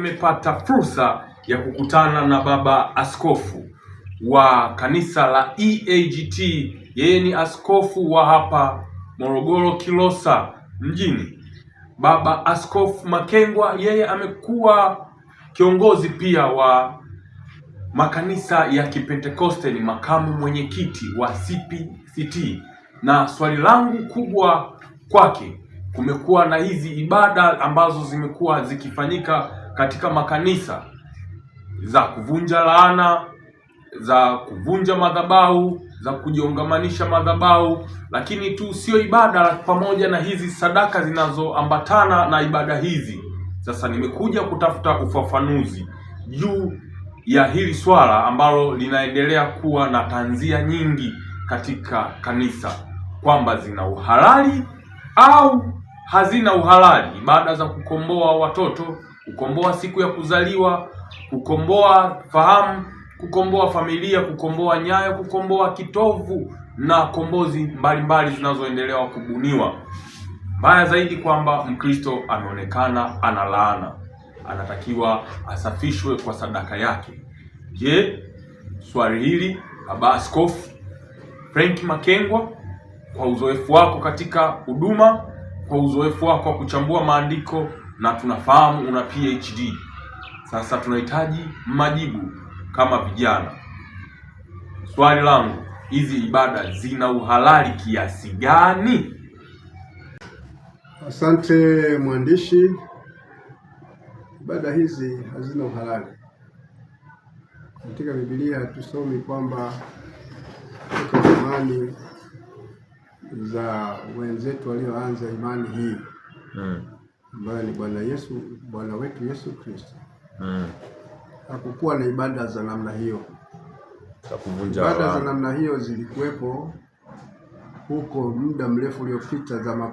nimepata fursa ya kukutana na baba askofu wa kanisa la EAGT. Yeye ni askofu wa hapa Morogoro Kilosa mjini, baba askofu Makengwa. Yeye amekuwa kiongozi pia wa makanisa ya Kipentekoste, ni makamu mwenyekiti wa CPCT, na swali langu kubwa kwake, kumekuwa na hizi ibada ambazo zimekuwa zikifanyika katika makanisa za kuvunja laana, za kuvunja madhabahu, za kujiongamanisha madhabahu, lakini tu sio ibada pamoja na hizi sadaka zinazoambatana na ibada hizi. Sasa nimekuja kutafuta ufafanuzi juu ya hili swala ambalo linaendelea kuwa na tanzia nyingi katika kanisa kwamba zina uhalali au hazina uhalali, ibada za kukomboa watoto kukomboa siku ya kuzaliwa, kukomboa fahamu, kukomboa familia, kukomboa nyayo, kukomboa kitovu na kombozi mbalimbali zinazoendelewa kubuniwa. Mbaya zaidi kwamba Mkristo ameonekana analaana, anatakiwa asafishwe kwa sadaka yake. Je, swali hili Baba Askofu Frank Makengwa, kwa uzoefu wako katika huduma, kwa uzoefu wako wa kuchambua maandiko na tunafahamu una PhD. Sasa tunahitaji majibu kama vijana. Swali langu, hizi ibada zina uhalali kiasi gani? Asante mwandishi. Ibada hizi hazina uhalali. Katika Biblia tusomi kwamba toka imani za wenzetu walioanza imani hii hmm ambayo ni Bwana Yesu, Bwana wetu Yesu Kristo mm. Hakukuwa na ibada za namna hiyo. Ibada za namna hiyo zilikuwepo huko muda mrefu uliopita, za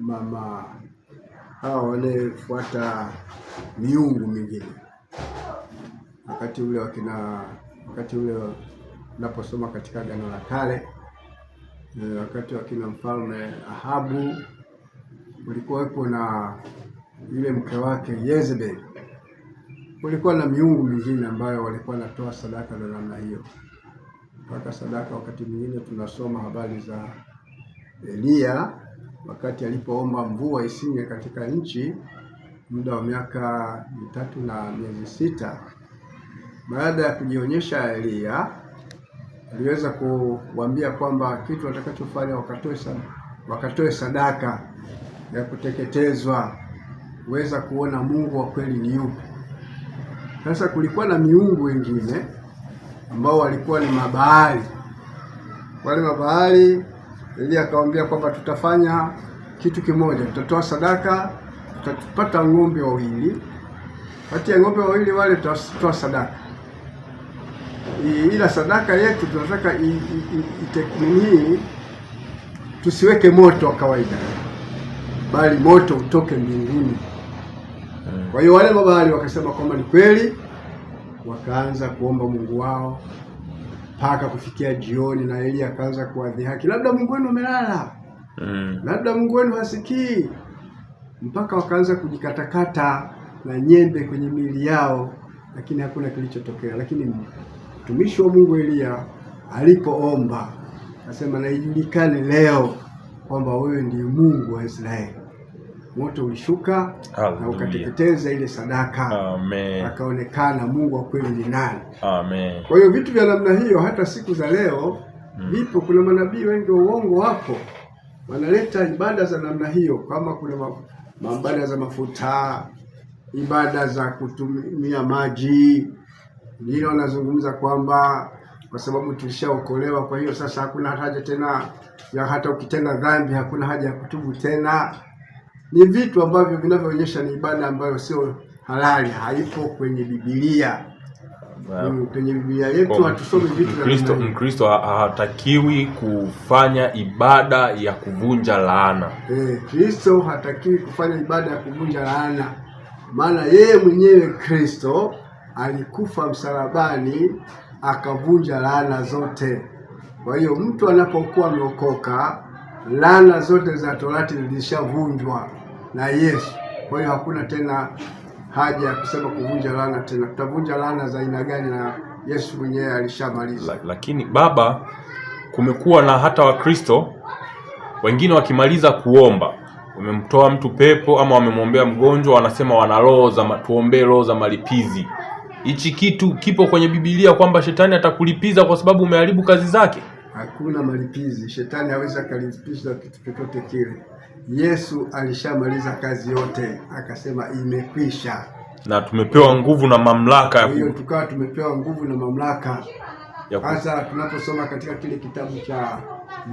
mama hao wanaefuata miungu mingine. Wakati ule wakina, wakati ule naposoma katika Agano la Kale, eh, wakati wakina mfalme Ahabu kulikuwepo na yule mke wake Yezebeli, kulikuwa na miungu mingine ambayo walikuwa wanatoa sadaka na namna hiyo, mpaka sadaka wakati mwingine tunasoma habari za Eliya wakati alipoomba mvua isinge katika nchi muda wa miaka mitatu na miezi sita. Baada ya kujionyesha Eliya aliweza kuwaambia kwamba kitu watakachofanya wakatoe sadaka, wakatoe sadaka ya kuteketezwa weza kuona Mungu wa kweli ni yupi. Sasa kulikuwa na miungu wengine ambao walikuwa ni mabahari. Wale mabahari Elia akawambia kwamba tutafanya kitu kimoja, tutatoa sadaka, tutapata ng'ombe wawili, kati ya ng'ombe wawili wale tutatoa sadaka, ila sadaka yetu tunataka nini? Tusiweke moto wa kawaida bali moto utoke mbinguni. Eh. Kwa hiyo wale mabahari wakasema kwamba ni kweli, wakaanza kuomba Mungu wao mpaka kufikia jioni, na Eli akaanza kuwadhihaki, labda Mungu wenu amelala, eh. labda Mungu wenu hasikii, mpaka wakaanza kujikatakata na nyembe kwenye miili yao, lakini hakuna kilichotokea. Lakini mtumishi wa Mungu Eliya alipoomba, akasema naijulikane leo kwamba wewe ndiye Mungu wa Israeli. Moto ulishuka na ukateketeza ile sadaka Amen. Akaonekana Mungu wa kweli ni nani? Amen. Kwa hiyo vitu vya namna hiyo hata siku za leo mm. vipo. Kuna manabii wengi wa uongo wapo, wanaleta ibada za namna hiyo, kama kuna ibada za mafuta, ibada za kutumia maji. Wengine wanazungumza kwamba kwa sababu tulishaokolewa. Kwa hiyo sasa hakuna haja tena ya hata ukitenda dhambi hakuna haja ya kutubu tena. Ni vitu ambavyo vinavyoonyesha ni ibada ambayo sio halali, haipo kwenye Biblia. Mm, kwenye Biblia yetu hatusomi vitu Kristo. Mkristo hatakiwi kufanya ibada ya kuvunja laana. Eh, Kristo hatakiwi kufanya ibada ya kuvunja laana, maana yeye mwenyewe Kristo alikufa msalabani akavunja laana zote. Kwa hiyo mtu anapokuwa ameokoka, laana zote za torati zilishavunjwa na Yesu. Kwa hiyo hakuna tena haja ya kusema kuvunja laana tena. Tutavunja laana za aina gani? Na Yesu mwenyewe alishamaliza. La, lakini baba, kumekuwa na hata Wakristo wengine wakimaliza kuomba wamemtoa mtu pepo ama wamemwombea mgonjwa, wanasema wana roho za tuombee roho za malipizi hichi kitu kipo kwenye Biblia kwamba shetani atakulipiza kwa sababu umeharibu kazi zake? Hakuna malipizi, shetani hawezi akalipiza kitu chochote kile. Yesu alishamaliza kazi yote, akasema imekwisha, na tumepewa nguvu na mamlaka. Kwa hiyo tukawa tumepewa nguvu na mamlaka. Sasa tunaposoma katika kile kitabu cha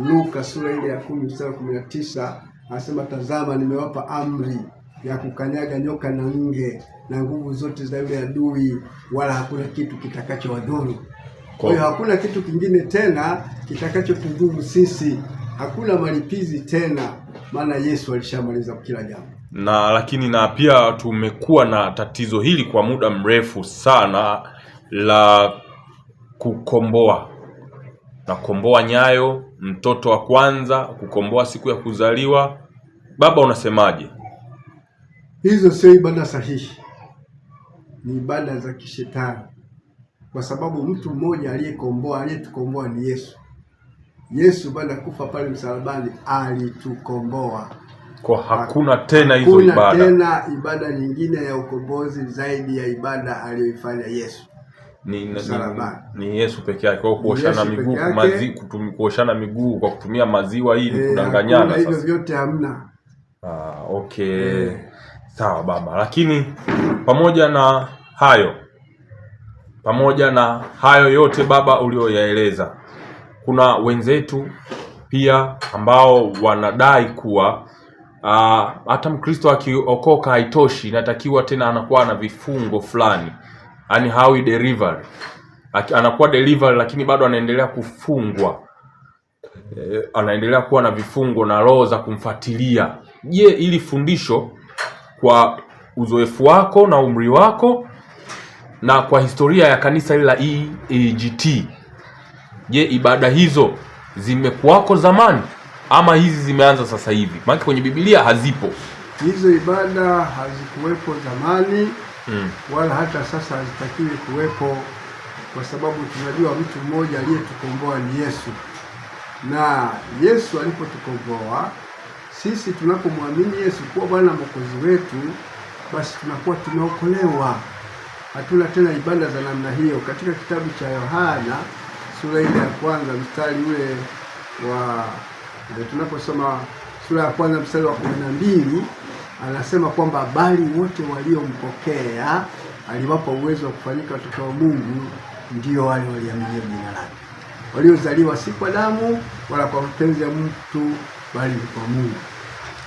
Luka sura ile ya kumi mstari kumi na tisa anasema, tazama nimewapa amri ya kukanyaga nyoka na nge na nguvu zote za yule adui, wala hakuna kitu kitakachowadhuru. Kwa hiyo hakuna kitu kingine tena kitakachotudhuru sisi, hakuna malipizi tena, maana Yesu alishamaliza kila jambo. Na lakini na pia tumekuwa na tatizo hili kwa muda mrefu sana la kukomboa na kukomboa nyayo, mtoto wa kwanza, kukomboa siku ya kuzaliwa. Baba, unasemaje? Hizo sio ibada sahihi ni ibada za kishetani, kwa sababu mtu mmoja aliyekomboa, aliyetukomboa ni Yesu. Yesu baada ya kufa pale msalabani alitukomboa. Kwa hakuna tena hizo ibada, hakuna tena ibada nyingine ya ukombozi zaidi ya ibada aliyoifanya Yesu. Ni, ni, ni Yesu peke yake kwa kuoshana miguu, mazi kuoshana miguu kwa kutumia maziwa ili e, eh, kudanganyana. Sasa hivyo vyote hamna. Ah, okay. E. Sawa baba, lakini pamoja na hayo, pamoja na hayo yote baba ulioyaeleza, kuna wenzetu pia ambao wanadai kuwa Uh, hata Mkristo akiokoka haitoshi, inatakiwa tena anakuwa na vifungo fulani, yani hawi delivery, anakuwa delivery lakini bado anaendelea kufungwa eh, anaendelea kuwa na vifungo na roho za kumfuatilia. Je, ili fundisho kwa uzoefu wako na umri wako na kwa historia ya kanisa hili la EAGT. Je, ibada hizo zimekuwako zamani ama hizi zimeanza sasa hivi? Maana kwenye Biblia hazipo hizo ibada, hazikuwepo zamani mm, wala hata sasa hazitakiwi kuwepo, kwa sababu tunajua mtu mmoja aliyetukomboa ni Yesu, na Yesu alipotukomboa sisi tunapomwamini Yesu kuwa Bwana Mwokozi wetu, basi tunakuwa tumeokolewa. Hatuna tena ibada za namna hiyo. Katika kitabu cha Yohana sura ile ya kwanza mstari ule wa tunaposoma sura ya kwanza mstari wa kumi na mbili anasema kwamba bali wote waliompokea aliwapa uwezo wa kufanyika watoto wa Mungu, ndio wale waliamini jina lake, waliozaliwa si kwa damu wala kwa mapenzi ya mtu, bali kwa Mungu.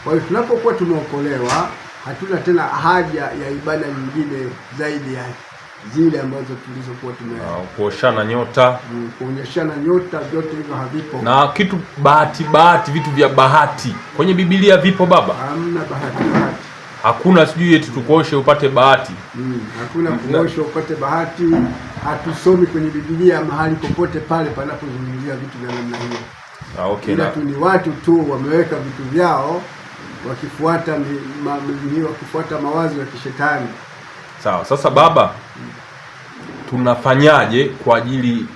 Kwa hiyo tunapokuwa tumeokolewa, hatuna tena haja ya ibada nyingine zaidi ya zile ambazo tulizokuwa tume ah, kuoshana nyota, mm, kuonyeshana nyota, vyote hivyo havipo. Na kitu bahati bahati, vitu vya bahati kwenye Biblia vipo baba? Hamna bahati bahati, hakuna sijui eti tukuoshe upate bahati mm, hakuna kuoshe upate bahati. Hatusomi kwenye Biblia mahali popote pale panapozungumzia vitu vya namna hiyo. Ah, okay, ila tu ni watu tu wameweka vitu vyao wakifuata ma, wakifuata mawazo ya kishetani. Sawa. Sasa baba, tunafanyaje kwa ajili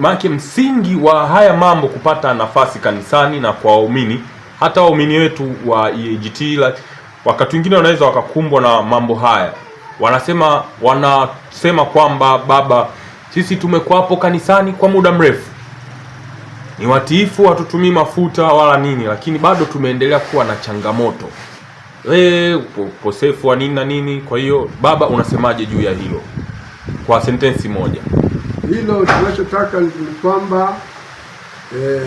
maake, msingi wa haya mambo kupata nafasi kanisani na kwa waumini, hata waumini wetu wa EAGT wakati wengine wanaweza wakakumbwa na mambo haya, wanasema wanasema kwamba baba, sisi tumekuwapo kanisani kwa muda mrefu ni watiifu, hatutumii mafuta wala nini, lakini bado tumeendelea kuwa na changamoto e, ukosefu wa nini na nini. Kwa hiyo baba, unasemaje juu ya hilo kwa sentensi moja? Hilo tunachotaka ni kwamba eh,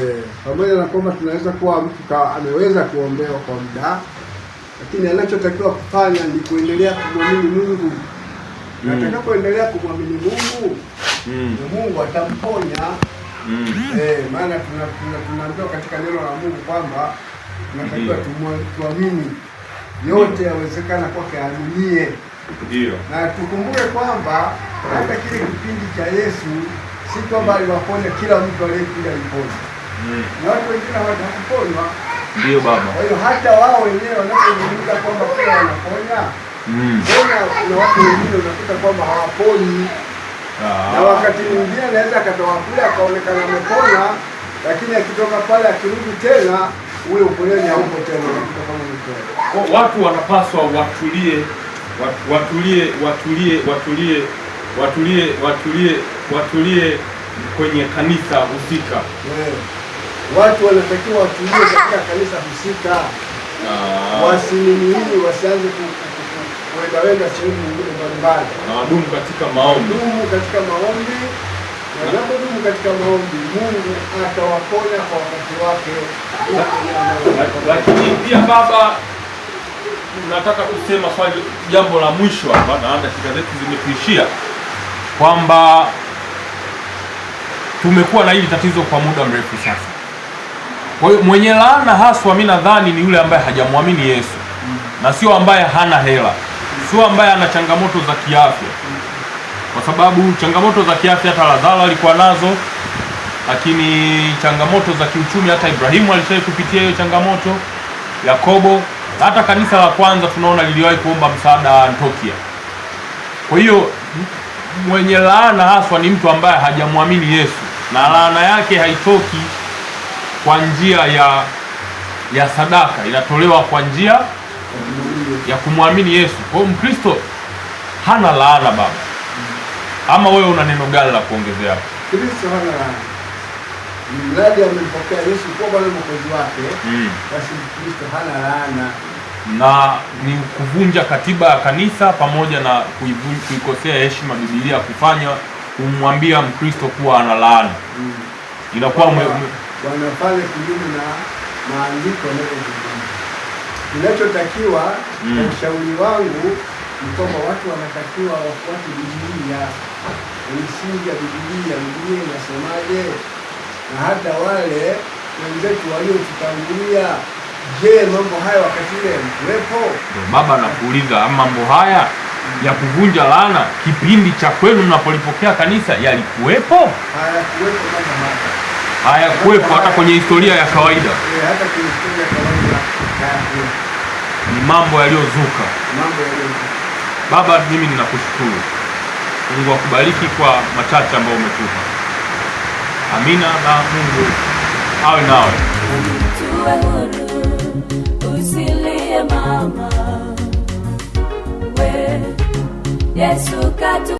pamoja eh, na kwamba tunaweza kuwa mtu ameweza kuombewa kwa muda, lakini anachotakiwa kufanya ni kuendelea kumwamini Mungu mm. Atakapoendelea kumwamini Mungu mm. Mungu atamponya Mm. Eh, maana tunaambiwa katika neno la Mungu kwamba tunatakiwa mm. tuamini yote mm. yawezekana kwake aaminie. Na tukumbuke kwamba hata kile kipindi cha Yesu si kwamba aliwaponya kila mtu aliyekuja aliponya. Na watu wengine hawajaponywa. Ndio baba. Kwa hiyo hata wao wenyewe wanapozungumza kwamba kila wanaponya, mbona na watu wengine unakuta kwamba hawaponyi. Ah. na wakati mwingine anaweza akatoka kule akaonekana amepona, lakini akitoka pale akirudi tena ule uponyaji hauko tena. Watu wanapaswa watulie, watulie, watulie, watulie, watulie, watulie, watulie kwenye kanisa husika. Eh. Watu wanatakiwa watulie katika kanisa husika, ah. wasinini, wasianze kuwekaweka sehemu nyingine mbalimbali, na wadumu katika maombi, wadumu katika maombi na wanapodumu katika maombi Mungu atawaponya kwa wakati wake. Lakini pia baba, nataka kusema swali, jambo la mwisho hapa, na dakika zetu zimetuishia, kwamba tumekuwa na hili tatizo kwa muda mrefu sasa. Kwa hiyo mwenye laana haswa, mimi nadhani ni yule ambaye hajamwamini Yesu mm. na sio ambaye hana hela mtu ambaye ana changamoto za kiafya, kwa sababu changamoto za kiafya hata Lazaro alikuwa nazo, lakini changamoto za kiuchumi hata Ibrahimu alishawahi kupitia hiyo changamoto, Yakobo, hata kanisa la kwanza tunaona liliwahi kuomba msaada Antiokia. Kwa hiyo mwenye laana haswa ni mtu ambaye hajamwamini Yesu, na laana yake haitoki kwa njia ya ya sadaka, inatolewa kwa njia ya kumwamini Yesu. Kwa hiyo Mkristo hana laana baba. Ama wewe una neno gani la kuongezea hapo? Kristo hana laana. Mradi amempokea Yesu kwa bali mkozi wake, mm. basi Kristo hana laana. Na ni kuvunja katiba ya kanisa pamoja na kuikosea heshima Biblia kufanya kumwambia Mkristo kuwa ana laana. Mm. Inakuwa mwe... wanafanya kinyume na maandiko yanayozungumza. Kinachotakiwa mm. Ushauri wangu ni kwamba watu wanatakiwa wafuate Biblia, misingi ya Biblia. Biblia inasemaje? Na hata wale wenzetu waliotutangulia, je, mambo haya wakati ile yalikuwepo? Baba anakuuliza mambo haya ya kuvunja laana kipindi cha kwenu mnapolipokea kanisa yalikuwepo? Hayakuwepo hata kwenye historia ya kawaida, hata kwenye historia ya kawaida eh, ni mambo yaliyozuka. Baba, mimi ninakushukuru. Mungu akubariki kwa machache ambayo umetupa. Amina, na Mungu awe nawe. Yesu katu